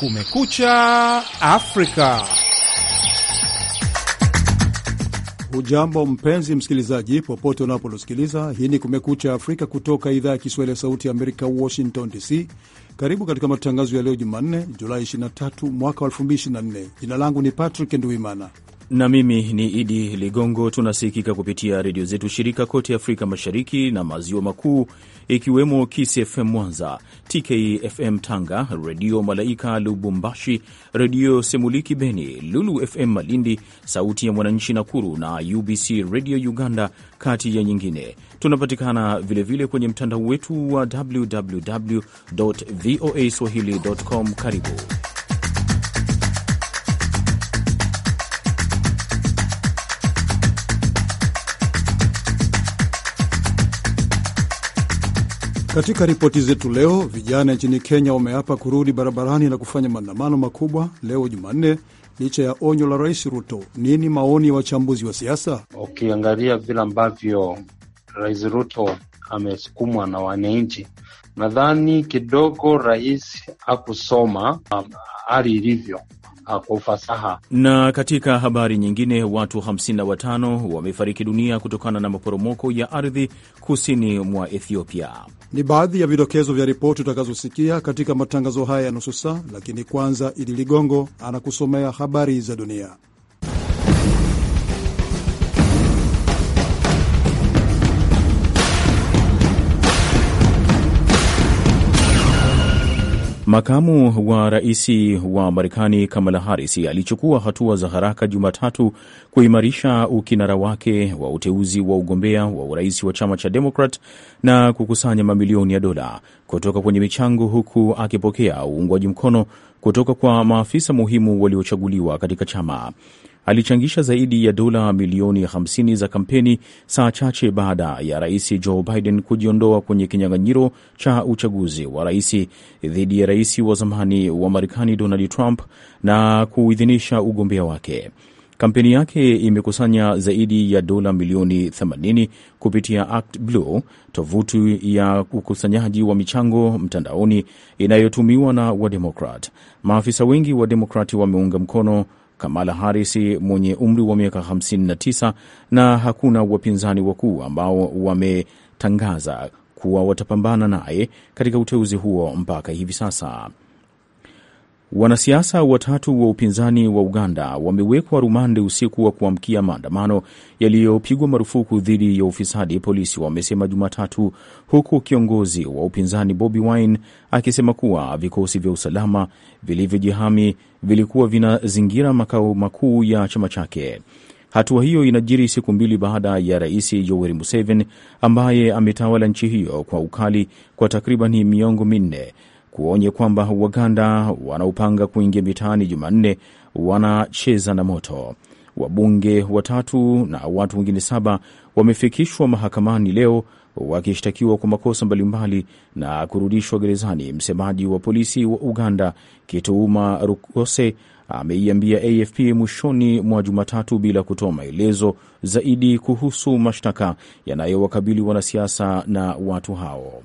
Kumekucha Afrika. Ujambo mpenzi msikilizaji, popote unapotusikiliza. Hii ni Kumekucha Afrika kutoka idhaa ya Kiswahili ya Sauti ya Amerika, Washington DC. Karibu katika matangazo ya leo Jumanne, Julai 23 mwaka 2024. Jina langu ni Patrick Nduimana na mimi ni Idi Ligongo. Tunasikika kupitia redio zetu shirika kote Afrika Mashariki na Maziwa Makuu, ikiwemo Kiss FM Mwanza, TKFM Tanga, Redio Malaika Lubumbashi, Redio Semuliki Beni, Lulu FM Malindi, Sauti ya Mwananchi Nakuru na UBC Redio Uganda, kati ya nyingine. Tunapatikana vilevile vile kwenye mtandao wetu wa www voa swahili com. Karibu. Katika ripoti zetu leo, vijana nchini Kenya wameapa kurudi barabarani na kufanya maandamano makubwa leo Jumanne licha ya onyo la Rais Ruto. Nini maoni ya wa wachambuzi wa siasa? Ukiangalia vile ambavyo Rais Ruto amesukumwa na wananchi, nadhani kidogo rais akusoma um, hali um, ilivyo uh, kwa ufasaha. Na katika habari nyingine, watu 55 wamefariki dunia kutokana na maporomoko ya ardhi kusini mwa Ethiopia. Ni baadhi ya vidokezo vya ripoti utakazosikia katika matangazo haya ya nusu saa, lakini kwanza, Idi Ligongo anakusomea habari za dunia. Makamu wa rais wa Marekani Kamala Harris alichukua hatua za haraka Jumatatu kuimarisha ukinara wake wa uteuzi wa ugombea wa urais wa chama cha Demokrat na kukusanya mamilioni ya dola kutoka kwenye michango, huku akipokea uungwaji mkono kutoka kwa maafisa muhimu waliochaguliwa katika chama alichangisha zaidi ya dola milioni 50 za kampeni, saa chache baada ya rais Joe Biden kujiondoa kwenye kinyang'anyiro cha uchaguzi wa rais dhidi ya rais wa zamani wa Marekani Donald Trump na kuidhinisha ugombea wake. Kampeni yake imekusanya zaidi ya dola milioni 80 kupitia Act Blue, tovuti ya ukusanyaji wa michango mtandaoni inayotumiwa na Wademokrat. Maafisa wengi wa Demokrati wameunga mkono Kamala Harris mwenye umri wa miaka 59 na hakuna wapinzani wakuu ambao wametangaza kuwa watapambana naye katika uteuzi huo mpaka hivi sasa. Wanasiasa watatu wa upinzani wa Uganda wamewekwa rumande usiku wa kuamkia maandamano yaliyopigwa marufuku dhidi ya ufisadi, polisi wamesema Jumatatu, huku kiongozi wa upinzani Bobi Wine akisema kuwa vikosi vya usalama vilivyojihami vilikuwa vinazingira makao makuu ya chama chake. Hatua hiyo inajiri siku mbili baada ya Rais Yoweri Museveni ambaye ametawala nchi hiyo kwa ukali kwa takribani miongo minne kuonye kwamba Waganda wanaopanga kuingia mitaani Jumanne wanacheza na moto. Wabunge watatu na watu wengine saba wamefikishwa mahakamani leo wakishtakiwa kwa makosa mbalimbali na kurudishwa gerezani. Msemaji wa polisi wa Uganda Kituuma Rukose ameiambia AFP mwishoni mwa Jumatatu bila kutoa maelezo zaidi kuhusu mashtaka yanayowakabili wanasiasa na watu hao.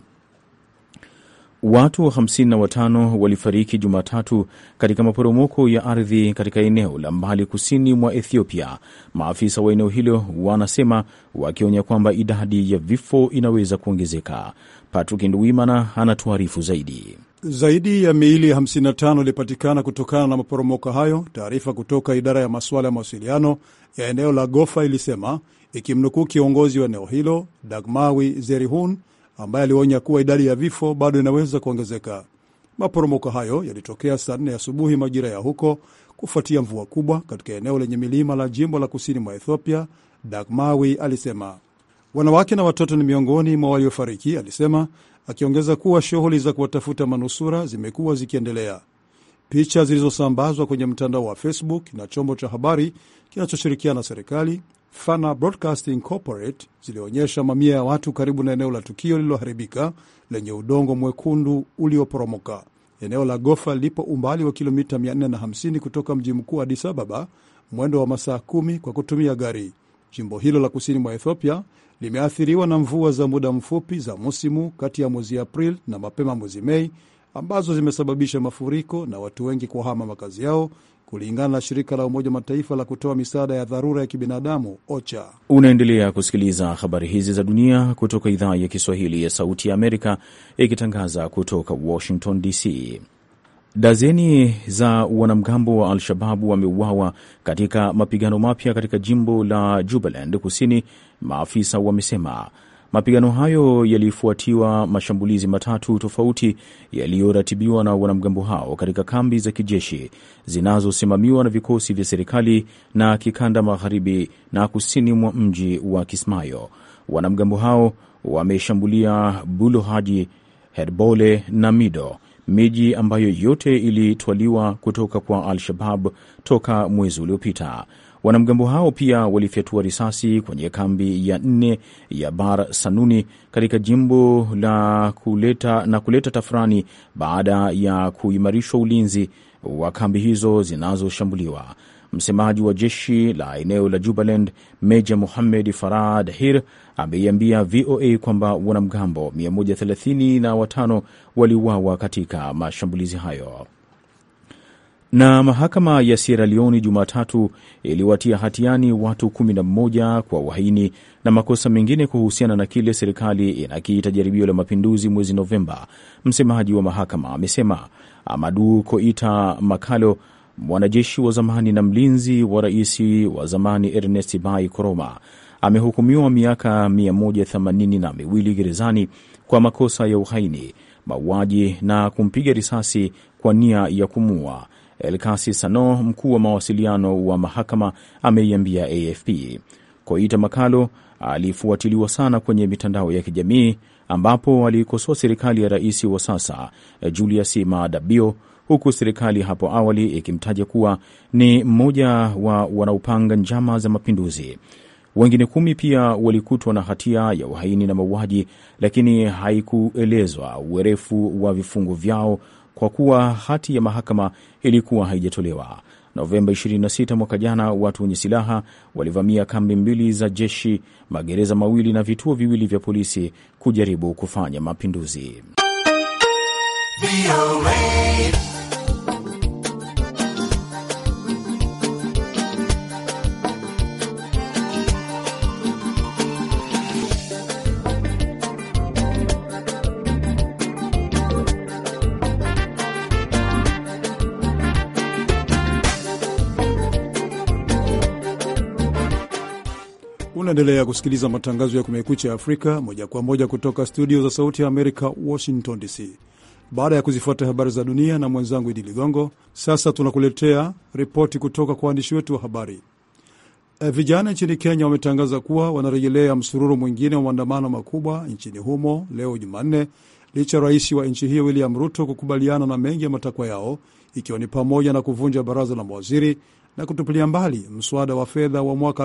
Watu 55 walifariki Jumatatu katika maporomoko ya ardhi katika eneo la mbali kusini mwa Ethiopia, maafisa wa eneo hilo wanasema, wakionya kwamba idadi ya vifo inaweza kuongezeka. Patrick Nduwimana anatuarifu zaidi. Zaidi ya miili 55 ilipatikana kutokana na maporomoko hayo, taarifa kutoka idara ya masuala ya mawasiliano ya eneo la Gofa ilisema, ikimnukuu kiongozi wa eneo hilo Dagmawi Zerihun ambaye alionya kuwa idadi ya vifo bado inaweza kuongezeka. Maporomoko hayo yalitokea saa nne asubuhi majira ya huko kufuatia mvua kubwa katika eneo lenye milima la jimbo la kusini mwa Ethiopia. Dagmawi alisema wanawake na watoto ni miongoni mwa waliofariki, alisema akiongeza kuwa shughuli za kuwatafuta manusura zimekuwa zikiendelea. Picha zilizosambazwa kwenye mtandao wa Facebook na chombo cha habari kinachoshirikiana na serikali Fana Broadcasting Corporate zilionyesha mamia ya watu karibu na eneo la tukio lililoharibika lenye udongo mwekundu ulioporomoka. Eneo la Gofa lipo umbali wa kilomita 450 kutoka mji mkuu Addis Ababa, mwendo wa masaa kumi kwa kutumia gari. Jimbo hilo la kusini mwa Ethiopia limeathiriwa na mvua za muda mfupi za musimu kati ya mwezi Aprili na mapema mwezi Mei ambazo zimesababisha mafuriko na watu wengi kuhama makazi yao kulingana na shirika la Umoja wa Mataifa la kutoa misaada ya dharura ya kibinadamu OCHA. Unaendelea kusikiliza habari hizi za dunia kutoka idhaa ya Kiswahili ya Sauti ya Amerika, ikitangaza kutoka Washington DC. Dazeni za wanamgambo wa Al-Shababu wameuawa katika mapigano mapya katika jimbo la Jubaland Kusini, maafisa wamesema. Mapigano hayo yalifuatiwa mashambulizi matatu tofauti yaliyoratibiwa na wanamgambo hao katika kambi za kijeshi zinazosimamiwa na vikosi vya serikali na kikanda magharibi na kusini mwa mji wa Kismayo. Wanamgambo hao wameshambulia Buluhaji, Herbole na Mido, miji ambayo yote ilitwaliwa kutoka kwa Al-Shabab toka mwezi uliopita. Wanamgambo hao pia walifyatua risasi kwenye kambi ya nne ya Bar Sanuni katika jimbo la kuleta na kuleta tafurani baada ya kuimarishwa ulinzi wa kambi hizo zinazoshambuliwa. Msemaji wa jeshi la eneo la Jubaland, Meja Muhamed Farah Dahir, ameiambia VOA kwamba wanamgambo 135 waliuawa katika mashambulizi hayo. Na mahakama ya Sierra Leone Jumatatu iliwatia hatiani watu 11 kwa uhaini na makosa mengine kuhusiana na kile serikali inakiita jaribio la mapinduzi mwezi Novemba. Msemaji wa mahakama amesema Amadu Koita Makalo, mwanajeshi wa zamani na mlinzi wa rais wa zamani Ernest Bai Koroma, amehukumiwa miaka 182 gerezani kwa makosa ya uhaini, mauaji na kumpiga risasi kwa nia ya kumua Elkasi Sano, mkuu wa mawasiliano wa mahakama, ameiambia AFP. Koita Makalo alifuatiliwa sana kwenye mitandao ya kijamii ambapo aliikosoa serikali ya rais wa sasa Julius Maada Bio, huku serikali hapo awali ikimtaja kuwa ni mmoja wa wanaopanga njama za mapinduzi. Wengine kumi pia walikutwa na hatia ya uhaini na mauaji, lakini haikuelezwa uwerefu wa vifungo vyao kwa kuwa hati ya mahakama ilikuwa haijatolewa. Novemba 26 mwaka jana, watu wenye silaha walivamia kambi mbili za jeshi, magereza mawili na vituo viwili vya polisi kujaribu kufanya mapinduzi. Unaendelea kusikiliza matangazo ya Kumekucha Afrika moja kwa moja kutoka studio za Sauti ya Amerika, Washington DC. Baada ya kuzifuata habari za dunia na mwenzangu Idi Ligongo, sasa tunakuletea ripoti kutoka kwa waandishi wetu wa habari. Eh, vijana nchini Kenya wametangaza kuwa wanarejelea msururu mwingine wa maandamano makubwa nchini humo leo Jumanne, licha ya rais wa nchi hiyo William Ruto kukubaliana na mengi ya matakwa yao, ikiwa ni pamoja na kuvunja baraza la mawaziri na kutupilia mbali mswada wa fedha wa mwaka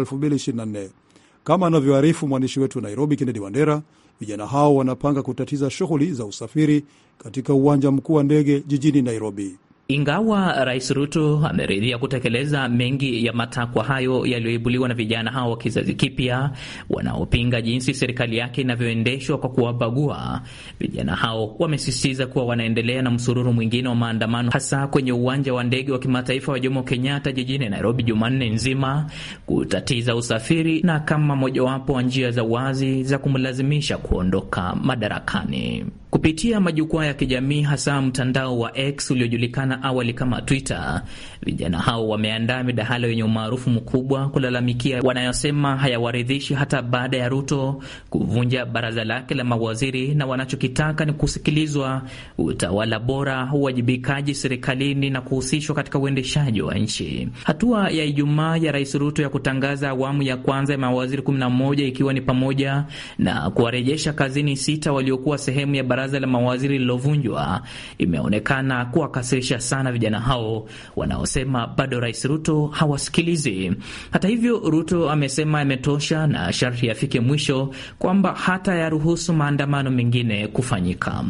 kama anavyoarifu mwandishi wetu wa Nairobi, Kennedy Wandera, vijana hao wanapanga kutatiza shughuli za usafiri katika uwanja mkuu wa ndege jijini Nairobi. Ingawa Rais Ruto ameridhia kutekeleza mengi ya matakwa hayo yaliyoibuliwa na vijana hao wa kizazi kipya wanaopinga jinsi serikali yake inavyoendeshwa kwa kuwabagua, vijana hao wamesisitiza kuwa wanaendelea na msururu mwingine wa maandamano, hasa kwenye uwanja wa ndege wa kimataifa wa Jomo Kenyatta jijini Nairobi Jumanne nzima, kutatiza usafiri na kama mojawapo wa njia za wazi za kumlazimisha kuondoka madarakani. Kupitia majukwaa ya kijamii hasa mtandao wa X uliojulikana awali kama Twitter, vijana hao wameandaa midahalo yenye umaarufu mkubwa kulalamikia wanayosema hayawaridhishi hata baada ya Ruto kuvunja baraza lake la mawaziri, na wanachokitaka ni kusikilizwa, utawala bora, uwajibikaji serikalini na kuhusishwa katika uendeshaji wa nchi. Hatua ya Ijumaa ya Rais Ruto ya kutangaza awamu ya kwanza ya mawaziri 11 ikiwa ni pamoja na kuwarejesha kazini sita waliokuwa sehemu ya baraza baraza la mawaziri lililovunjwa imeonekana kuwakasirisha sana vijana hao wanaosema bado Rais Ruto hawasikilizi. Hata hivyo, Ruto amesema yametosha na sharti yafike mwisho, kwamba hata yaruhusu maandamano mengine kufanyika.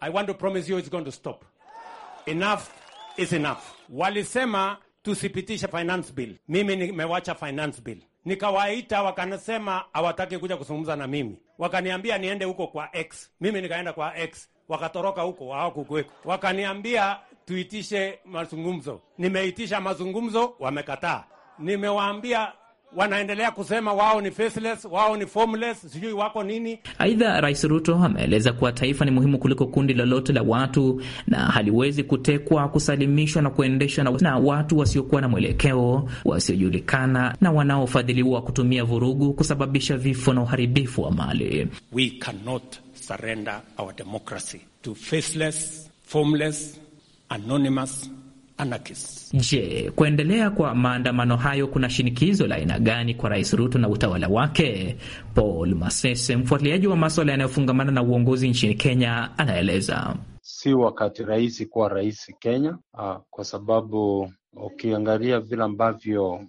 I want to promise you it's going to stop. Enough is enough. Walisema tusipitisha finance bill, mimi nimewacha finance bill, nikawaita wakanasema hawataki kuja kuzungumza na mimi wakaniambia niende huko kwa X. Mimi nikaenda kwa X, wakatoroka huko, hawakukweko. Wakaniambia tuitishe mazungumzo, nimeitisha mazungumzo, wamekataa. Nimewaambia wanaendelea kusema wao ni faceless, wao ni formless, sijui wako nini. Aidha, Rais Ruto ameeleza kuwa taifa ni muhimu kuliko kundi lolote la watu na haliwezi kutekwa, kusalimishwa na kuendeshwa na watu wasiokuwa na mwelekeo, wasiojulikana na wanaofadhiliwa kutumia vurugu kusababisha vifo na uharibifu wa mali. We cannot surrender our democracy to faceless, formless, anonymous Je, kuendelea kwa maandamano hayo kuna shinikizo la aina gani kwa Rais Ruto na utawala wake? Paul Masese, mfuatiliaji wa maswala yanayofungamana na uongozi nchini Kenya, anaeleza. Si wakati rahisi kuwa rais Kenya, ah, kwa sababu ukiangalia vile ambavyo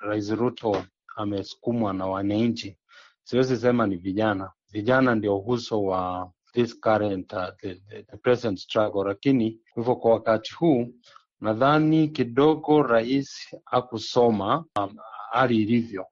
Rais Ruto amesukumwa na wananchi, siwezi sema ni vijana. Vijana ndio uso wa this current, uh, the, the present struggle, lakini hivyo kwa wakati huu Nadhani kidogo Rais hakusoma um, hali ilivyo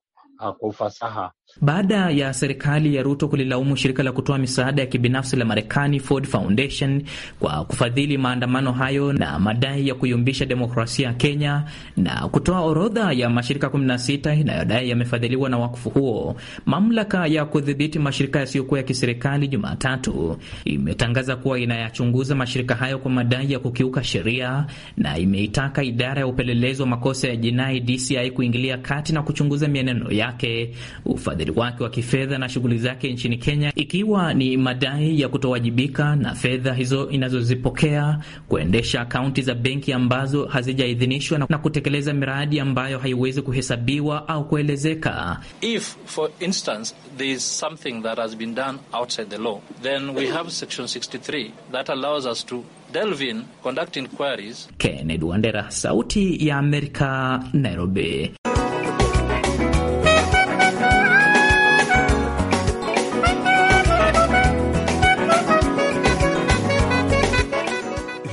uh, kwa ufasaha baada ya serikali ya Ruto kulilaumu shirika la kutoa misaada ya kibinafsi la Marekani Ford Foundation kwa kufadhili maandamano hayo na madai ya kuyumbisha demokrasia ya Kenya na kutoa orodha ya mashirika 16 inayodai yamefadhiliwa na wakfu huo, mamlaka ya kudhibiti mashirika yasiyokuwa ya kiserikali Jumatatu imetangaza kuwa inayachunguza mashirika hayo kwa madai ya kukiuka sheria na imeitaka idara ya upelelezi wa makosa ya jinai DCI kuingilia kati na kuchunguza mienendo yake ufadhili ufadhili wake wa kifedha na shughuli zake nchini Kenya, ikiwa ni madai ya kutowajibika na fedha hizo inazozipokea kuendesha akaunti za benki ambazo hazijaidhinishwa na kutekeleza miradi ambayo haiwezi kuhesabiwa au kuelezeka. If for instance there is something that has been done outside the law then we have section 63 that allows us to delve in, conduct inquiries. Kennedy Wandera, Sauti ya Amerika, Nairobi.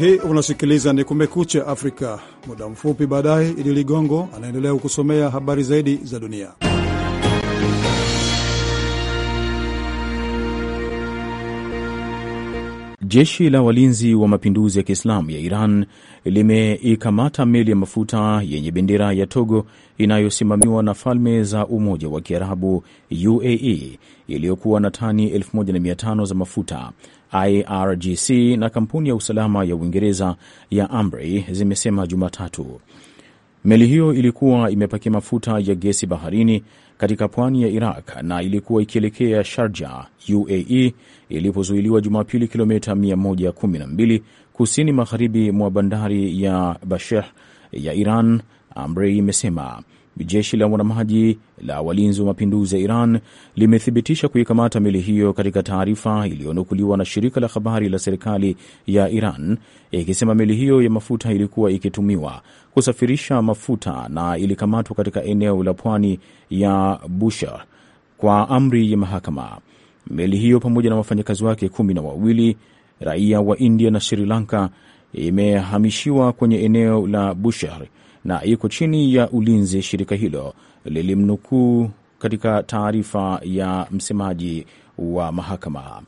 Hii unasikiliza ni Kumekucha Afrika. Muda mfupi baadaye, Idi Ligongo anaendelea kukusomea habari zaidi za dunia. Jeshi la walinzi wa mapinduzi ya Kiislamu ya Iran limeikamata meli ya mafuta yenye bendera ya Togo inayosimamiwa na Falme za Umoja wa Kiarabu UAE iliyokuwa na tani 1500 za mafuta IRGC na kampuni ya usalama ya Uingereza ya Ambrey zimesema Jumatatu. Meli hiyo ilikuwa imepakia mafuta ya gesi baharini katika pwani ya Iraq na ilikuwa ikielekea Sharja, UAE, ilipozuiliwa Jumapili, kilomita 112 kusini magharibi mwa bandari ya bashekh ya Iran Ambrey imesema jeshi la wanamaji la walinzi wa mapinduzi ya Iran limethibitisha kuikamata meli hiyo katika taarifa iliyonukuliwa na shirika la habari la serikali ya Iran ikisema meli hiyo ya mafuta ilikuwa ikitumiwa kusafirisha mafuta na ilikamatwa katika eneo la pwani ya Bushehr kwa amri ya mahakama. Meli hiyo pamoja na wafanyakazi wake kumi na wawili raia wa India na Sri Lanka imehamishiwa kwenye eneo la Bushehr na iko chini ya ulinzi, shirika hilo lilimnukuu katika taarifa ya msemaji wa mahakama.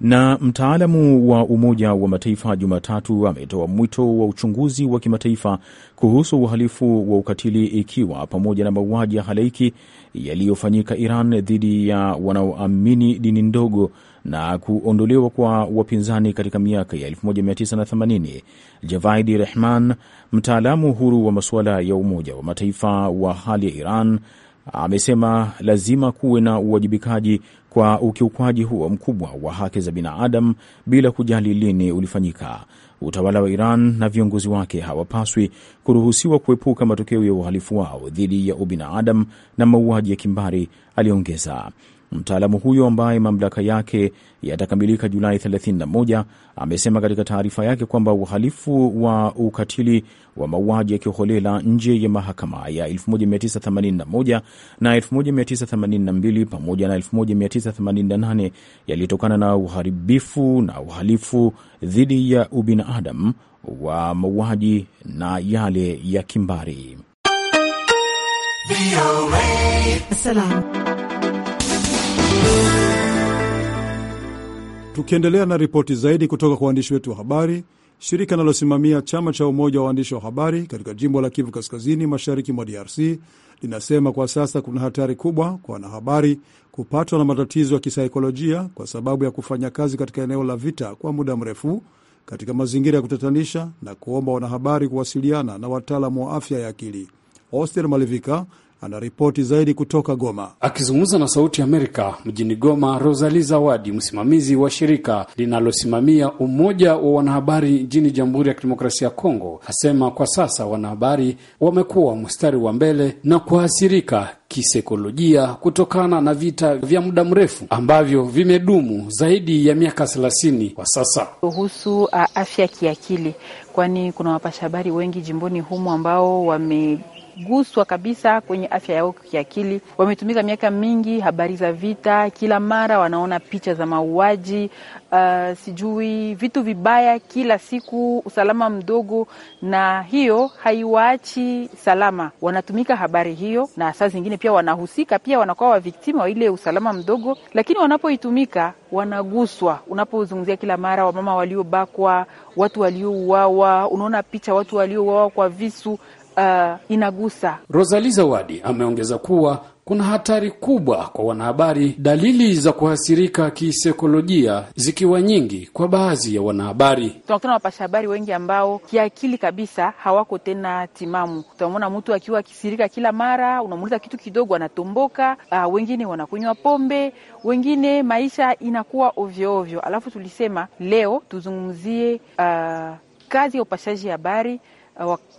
Na mtaalamu wa Umoja wa Mataifa Jumatatu ametoa mwito wa uchunguzi wa kimataifa kuhusu uhalifu wa ukatili ikiwa pamoja na mauaji ya halaiki yaliyofanyika Iran dhidi ya wanaoamini dini ndogo na kuondolewa kwa wapinzani katika miaka ya 1980, Javaidi Rehman, mtaalamu huru wa masuala ya Umoja wa Mataifa wa hali ya Iran, amesema lazima kuwe na uwajibikaji kwa ukiukwaji huo mkubwa wa haki za binadamu bila kujali lini ulifanyika. Utawala wa Iran na viongozi wake hawapaswi kuruhusiwa kuepuka matokeo ya uhalifu wao dhidi ya ubinadamu na mauaji ya kimbari, aliongeza. Mtaalamu huyo ambaye mamlaka yake yatakamilika Julai 31 amesema katika taarifa yake kwamba uhalifu wa ukatili wa mauaji ya kiholela nje ya mahakama ya 1981 na 1982 pamoja na 1988 yalitokana na uharibifu na uhalifu dhidi ya ubinadamu wa mauaji na yale ya kimbari. Salam. Tukiendelea na ripoti zaidi kutoka kwa waandishi wetu wa habari, shirika linalosimamia chama cha umoja wa waandishi wa habari katika jimbo la Kivu Kaskazini, mashariki mwa DRC linasema kwa sasa kuna hatari kubwa kwa wanahabari kupatwa na matatizo ya kisaikolojia kwa sababu ya kufanya kazi katika eneo la vita kwa muda mrefu katika mazingira ya kutatanisha na kuomba wanahabari kuwasiliana na wataalamu wa afya ya akili. Oster Malivika anaripoti zaidi kutoka Goma. Akizungumza na Sauti ya Amerika mjini Goma, Rosali Zawadi, msimamizi wa shirika linalosimamia umoja wa wanahabari nchini Jamhuri ya Kidemokrasia ya Kongo, asema kwa sasa wanahabari wamekuwa mstari wa mbele na kuathirika kisaikolojia kutokana na vita vya muda mrefu ambavyo vimedumu zaidi ya miaka thelathini kwa sasa, kuhusu afya kiakili, kwani kuna wapashahabari wengi jimboni humo ambao wame wameguswa kabisa kwenye afya yao kiakili. Wametumika miaka mingi, habari za vita, kila mara wanaona picha za mauaji, uh, sijui vitu vibaya kila siku, usalama mdogo, na hiyo haiwaachi salama. Wanatumika habari hiyo, na saa zingine pia wanahusika, pia wanakuwa waviktima wa ile usalama mdogo, lakini wanapoitumika wanaguswa. Unapozungumzia kila mara wamama waliobakwa, watu waliouawa, unaona picha watu waliouawa kwa visu uh, inagusa. rosali Zawadi ameongeza kuwa kuna hatari kubwa kwa wanahabari, dalili za kuhasirika kisaikolojia zikiwa nyingi kwa baadhi ya wanahabari. Tunakutana wapasha habari wengi ambao kiakili kabisa hawako tena timamu. tunamwona mtu akiwa akisirika kila mara, unamuuliza kitu kidogo anatomboka. Uh, wengine wanakunywa pombe, wengine maisha inakuwa ovyoovyo Alafu tulisema leo tuzungumzie uh, kazi ya upashaji habari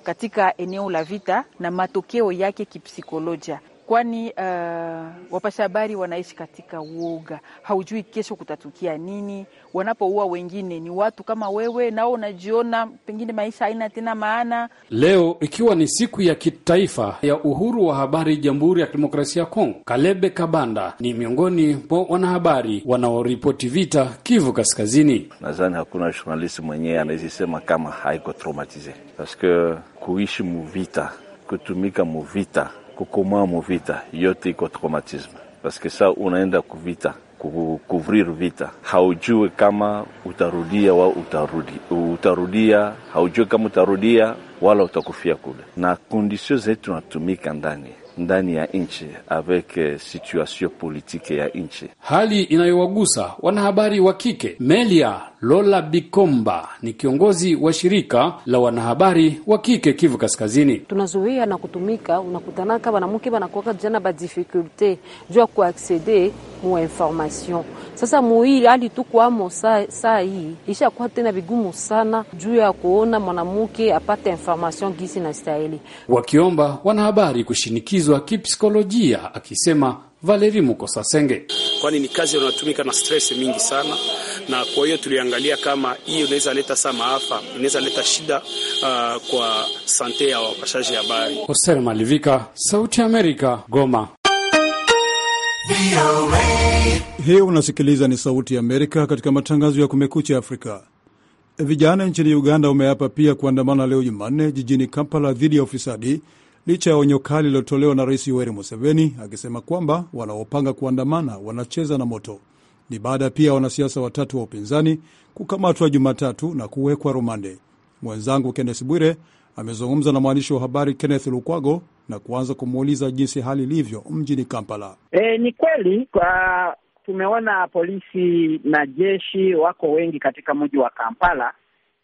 katika eneo la vita na matokeo yake kipsikolojia kwani uh, wapasha habari wanaishi katika uoga, haujui kesho kutatukia nini. Wanapoua wengine ni watu kama wewe, nao unajiona pengine maisha haina tena maana. Leo ikiwa ni siku ya kitaifa ya uhuru wa habari Jamhuri ya Kidemokrasia ya Kongo, Kalebe Kabanda ni miongoni mwa wanahabari wanaoripoti vita Kivu Kaskazini. Nadhani hakuna journalist mwenyewe anawezisema kama haiko traumatize paske kuishi muvita, kutumika muvita kukomoa muvita yote iko traumatisme, paske sa unaenda kuvita kuvrir vita, haujue kama utarudia wa utarudi, utarudia haujue kama utarudia wala utakufia kule, na kondisio zetu natumika ndani ndani ya nchi avec eh, situation politique ya nchi, hali inayowagusa wanahabari wa kike Melia Lola Bikomba ni kiongozi wa shirika la wanahabari wa kike Kivu Kaskazini. tunazuia na kutumika, unakutanaka wanamke banakuaka jana ba difikulte juu ya kuaksede mu information. Sasa muii hali tukwamo saa saa hii ishakuwa tena vigumu sana juu ya kuona mwanamuke apate information gisi na stahili, wakiomba wanahabari kushinikizwa kipsikolojia, akisema Valeri Mukosasenge, kwani ni kazi wanatumika na stress mingi sana na kwa hiyo tuliangalia kama hiyo inaweza leta saa maafa, inaweza leta shida uh, kwa sante ya wapashaji habari. Hoser Malivika, Sauti ya Amerika, Goma. Hiyo unasikiliza ni Sauti ya Amerika katika matangazo ya Kumekucha Afrika. Vijana nchini Uganda wameapa pia kuandamana leo Jumanne jijini Kampala dhidi ya ufisadi licha ya onyo kali lililotolewa na Rais Yoweri Museveni akisema kwamba wanaopanga kuandamana wanacheza na moto. Ni baada pia ya wanasiasa watatu wa upinzani kukamatwa Jumatatu na kuwekwa rumande. Mwenzangu Kenneth Bwire amezungumza na mwandishi wa habari Kenneth Lukwago na kuanza kumuuliza jinsi hali ilivyo mjini Kampala. E, ni kweli kwa tumeona polisi na jeshi wako wengi katika mji wa Kampala,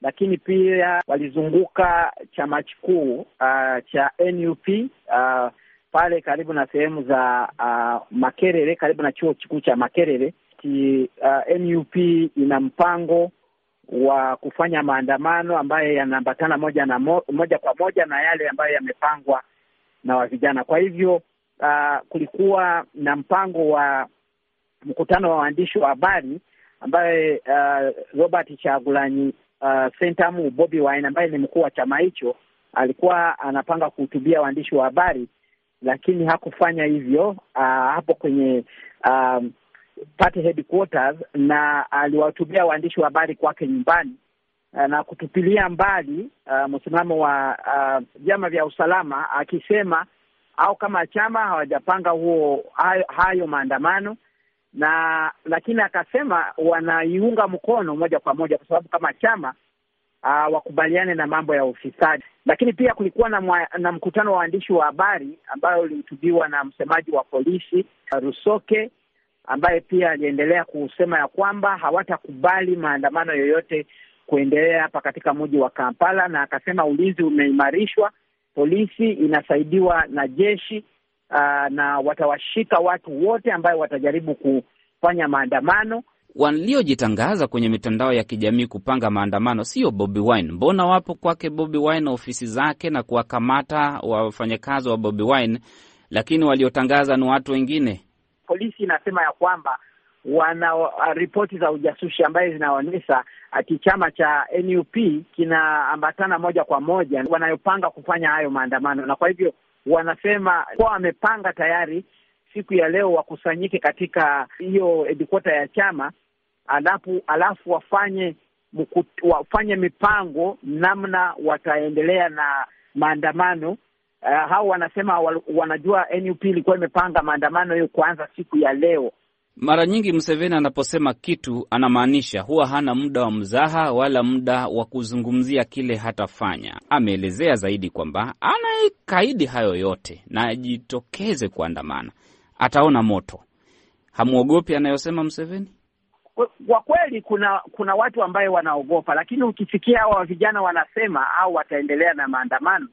lakini pia walizunguka chama kikuu uh, cha NUP uh, pale karibu na sehemu za uh, Makerere, karibu na chuo kikuu cha Makerere ati uh, NUP ina mpango wa kufanya maandamano ambayo yanaambatana moja na mo, moja kwa moja na yale ambayo yamepangwa na wa vijana. Kwa hivyo uh, kulikuwa na mpango wa mkutano wa waandishi wa habari ambaye uh, Robert Chagulanyi uh, Sentamu Bobi Wine ambaye ni mkuu wa chama hicho alikuwa anapanga kuhutubia waandishi wa habari, lakini hakufanya hivyo. Uh, hapo kwenye um, party headquarters na aliwahutubia waandishi wa habari kwake nyumbani eh, na kutupilia mbali uh, msimamo wa eh, vyama uh, vya usalama akisema au kama chama hawajapanga huo hayo, hayo maandamano na lakini akasema wanaiunga mkono moja kwa moja kwa sababu kama chama uh, wakubaliane na mambo ya ufisadi. Lakini pia kulikuwa na, mwa, na mkutano wa waandishi wa habari ambayo ulihutubiwa na msemaji wa polisi Rusoke ambaye pia aliendelea kusema ya kwamba hawatakubali maandamano yoyote kuendelea hapa katika mji wa Kampala, na akasema ulinzi umeimarishwa, polisi inasaidiwa na jeshi aa, na watawashika watu wote ambayo watajaribu kufanya maandamano. Waliojitangaza kwenye mitandao ya kijamii kupanga maandamano sio Bobi Wine. Mbona wapo kwake Bobi Wine, ofisi zake, na kuwakamata wafanyakazi wa Bobi Wine, lakini waliotangaza ni watu wengine polisi inasema ya kwamba wana ripoti za ujasusi ambaye zinaonyesha ati chama cha NUP kinaambatana moja kwa moja wanayopanga kufanya hayo maandamano, na kwa hivyo wanasema kuwa wamepanga tayari siku ya leo wakusanyike katika hiyo hedikota ya chama, alafu alafu wafanye mkut, wafanye mipango namna wataendelea na maandamano Uh, hao wanasema wanajua NUP ilikuwa imepanga maandamano hiyo kuanza siku ya leo. Mara nyingi Museveni anaposema kitu anamaanisha, huwa hana muda wa mzaha wala muda wa kuzungumzia kile hatafanya. Ameelezea zaidi kwamba anayekaidi hayo yote na ajitokeze kuandamana ataona moto. Hamwogopi anayosema Museveni? Kwa kweli kuna kuna watu ambaye wanaogopa, lakini ukisikia hawa vijana wanasema au wataendelea na maandamano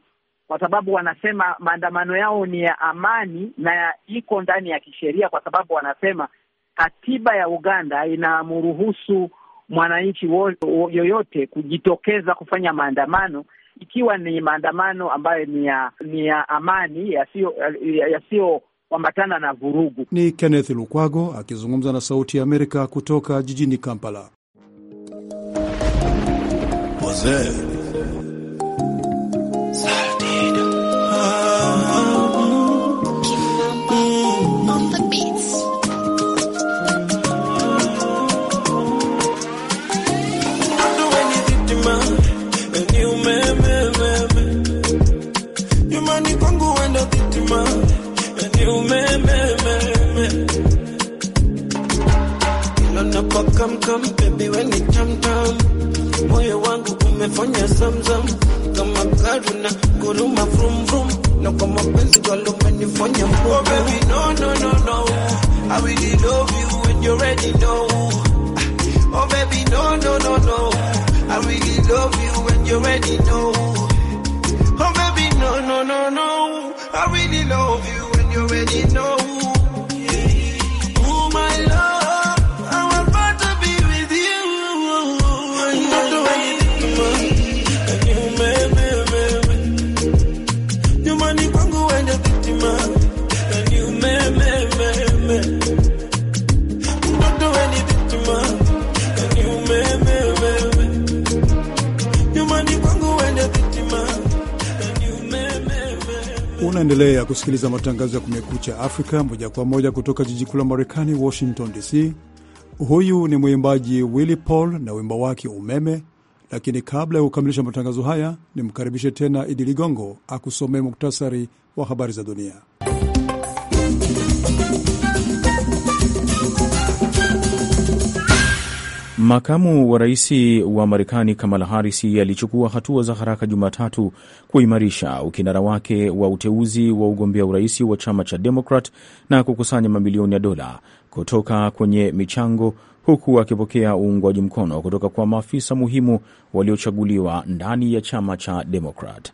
kwa sababu wanasema maandamano yao ni ya amani na iko ndani ya kisheria, kwa sababu wanasema katiba ya Uganda inamruhusu mwananchi yoyote kujitokeza kufanya maandamano ikiwa ni maandamano ambayo ni ya, ni ya amani yasiyoambatana ya, ya na vurugu. Ni Kenneth Lukwago akizungumza na Sauti ya Amerika kutoka jijini Kampala. Wazee come come baby when ni tam tam, moyo wangu umefanya zamzam kama gari na guruma vroom vroom, na kwa mapenzi walo umenifanya Oh baby no no no no, I really love you and ah, oh, you already know. Oh baby no no no no, I really love you and you already know. Oh baby no no no no, I really love you and you already know. Unaendelea kusikiliza matangazo ya Kumekucha Afrika moja kwa moja kutoka jiji kuu la Marekani, Washington DC. Huyu ni mwimbaji Willy Paul na wimbo wake Umeme. Lakini kabla ya kukamilisha matangazo haya, nimkaribishe tena Idi Ligongo akusomee muktasari wa habari za dunia. Makamu wa rais wa Marekani Kamala Harris alichukua hatua za haraka Jumatatu kuimarisha ukinara wake wa uteuzi wa ugombea urais wa chama cha Demokrat na kukusanya mamilioni ya dola kutoka kwenye michango huku akipokea uungwaji mkono kutoka kwa maafisa muhimu waliochaguliwa ndani ya chama cha Demokrat.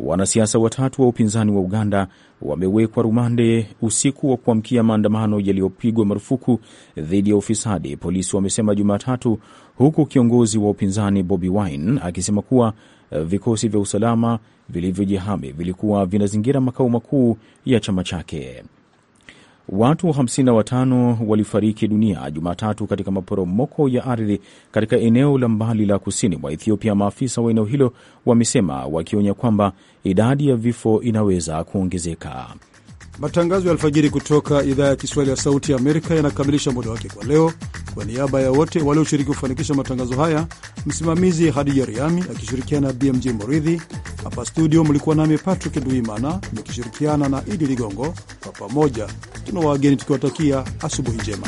Wanasiasa watatu wa upinzani wa Uganda wamewekwa rumande usiku wa kuamkia maandamano yaliyopigwa marufuku dhidi ya ufisadi, polisi wamesema Jumatatu, huku kiongozi wa upinzani Bobi Wine akisema kuwa eh, vikosi vya usalama vilivyojihami vilikuwa vinazingira makao makuu ya chama chake. Watu 55 walifariki dunia Jumatatu katika maporomoko ya ardhi katika eneo la mbali la kusini mwa Ethiopia, maafisa wa eneo hilo wamesema, wakionya kwamba idadi ya vifo inaweza kuongezeka. Matangazo ya alfajiri kutoka idhaa ya Kiswahili ya Sauti ya Amerika yanakamilisha muda wake kwa leo. Kwa niaba ya wote walioshiriki kufanikisha matangazo haya, msimamizi Hadija Riami akishirikiana na BMJ Moridhi. Hapa studio mlikuwa nami Patrick Duimana nikishirikiana na Idi Ligongo. Kwa pamoja tuna wageni tukiwatakia asubuhi njema.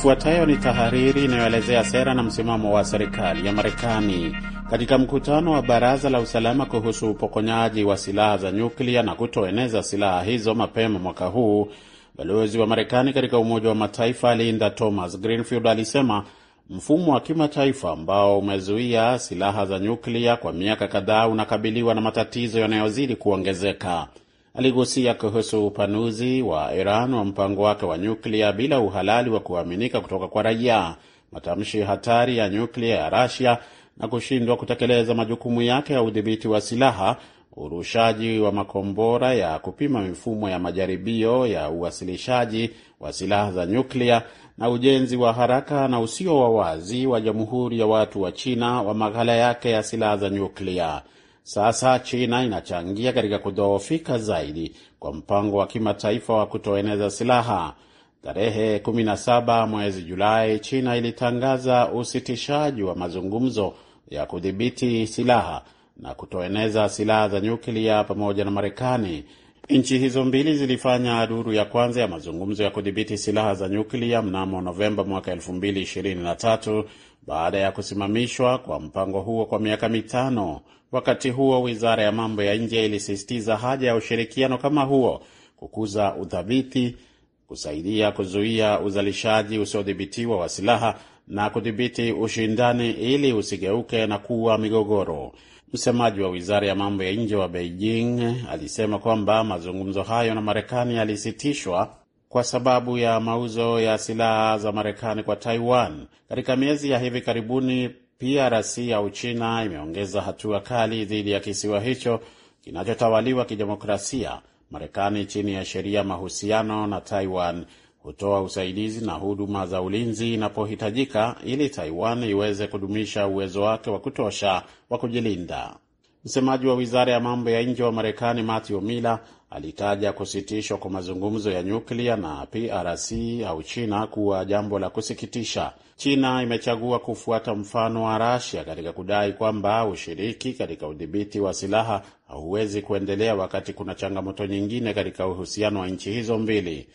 Ifuatayo ni tahariri inayoelezea sera na msimamo wa serikali ya Marekani. Katika mkutano wa Baraza la Usalama kuhusu upokonyaji wa silaha za nyuklia na kutoeneza silaha hizo mapema mwaka huu, balozi wa Marekani katika Umoja wa Mataifa Linda Thomas Greenfield alisema mfumo wa kimataifa ambao umezuia silaha za nyuklia kwa miaka kadhaa unakabiliwa na matatizo yanayozidi kuongezeka aligusia kuhusu upanuzi wa Iran wa mpango wake wa nyuklia bila uhalali wa kuaminika kutoka kwa raia, matamshi hatari ya nyuklia ya Rasia na kushindwa kutekeleza majukumu yake ya udhibiti wa silaha, urushaji wa makombora ya kupima mifumo ya majaribio ya uwasilishaji wa silaha za nyuklia na ujenzi wa haraka na usio wa wazi wa Jamhuri ya Watu wa China wa maghala yake ya silaha za nyuklia. Sasa China inachangia katika kudhoofika zaidi kwa mpango wa kimataifa wa kutoeneza silaha. Tarehe 17 mwezi Julai, China ilitangaza usitishaji wa mazungumzo ya kudhibiti silaha na kutoeneza silaha za nyuklia pamoja na Marekani. Nchi hizo mbili zilifanya duru ya kwanza ya mazungumzo ya kudhibiti silaha za nyuklia mnamo Novemba mwaka 2023 baada ya kusimamishwa kwa mpango huo kwa miaka mitano. Wakati huo, wizara ya mambo ya nje ilisisitiza haja ya ushirikiano kama huo kukuza uthabiti, kusaidia kuzuia uzalishaji usiodhibitiwa wa silaha na kudhibiti ushindani ili usigeuke na kuwa migogoro. Msemaji wa wizara ya mambo ya nje wa Beijing alisema kwamba mazungumzo hayo na Marekani yalisitishwa kwa sababu ya mauzo ya silaha za Marekani kwa Taiwan. Katika miezi ya hivi karibuni, PRC ya Uchina imeongeza hatua kali dhidi ya kisiwa hicho kinachotawaliwa kidemokrasia, Marekani chini ya sheria mahusiano na Taiwan hutoa usaidizi na huduma za ulinzi inapohitajika ili Taiwan iweze kudumisha uwezo wake wa kutosha wa kujilinda. Msemaji wa wizara ya mambo ya nje wa Marekani Matthew Miller alitaja kusitishwa kwa mazungumzo ya nyuklia na PRC au China kuwa jambo la kusikitisha China imechagua kufuata mfano wa Rasia katika kudai kwamba ushiriki katika udhibiti wa silaha hauwezi kuendelea wakati kuna changamoto nyingine katika uhusiano wa nchi hizo mbili.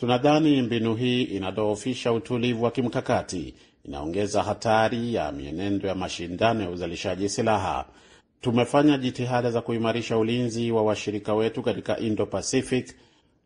Tunadhani mbinu hii inadhoofisha utulivu wa kimkakati, inaongeza hatari ya mienendo ya mashindano ya uzalishaji silaha. Tumefanya jitihada za kuimarisha ulinzi wa washirika wetu katika Indo-Pacific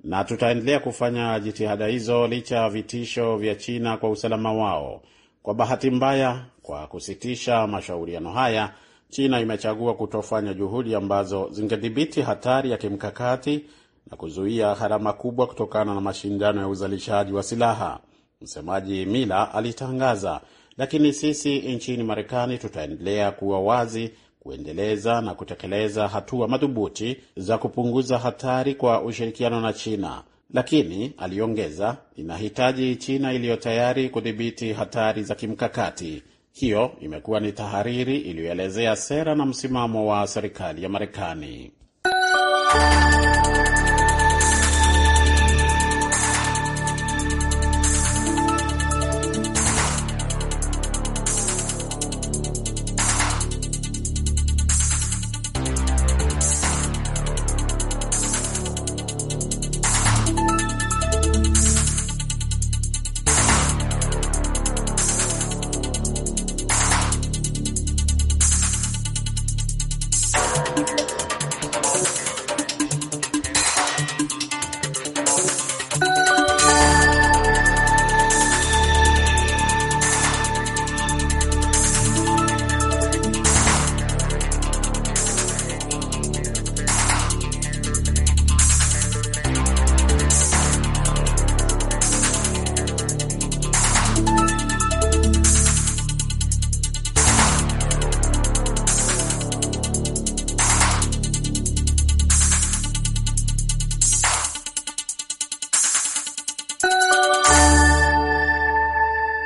na tutaendelea kufanya jitihada hizo licha ya vitisho vya China kwa usalama wao. Kwa bahati mbaya, kwa kusitisha mashauriano haya, China imechagua kutofanya juhudi ambazo zingedhibiti hatari ya kimkakati na kuzuia gharama kubwa kutokana na mashindano ya uzalishaji wa silaha, msemaji Mila alitangaza. Lakini sisi nchini Marekani tutaendelea kuwa wazi kuendeleza na kutekeleza hatua madhubuti za kupunguza hatari kwa ushirikiano na China. Lakini aliongeza, inahitaji China iliyo tayari kudhibiti hatari za kimkakati. Hiyo imekuwa ni tahariri iliyoelezea sera na msimamo wa serikali ya Marekani.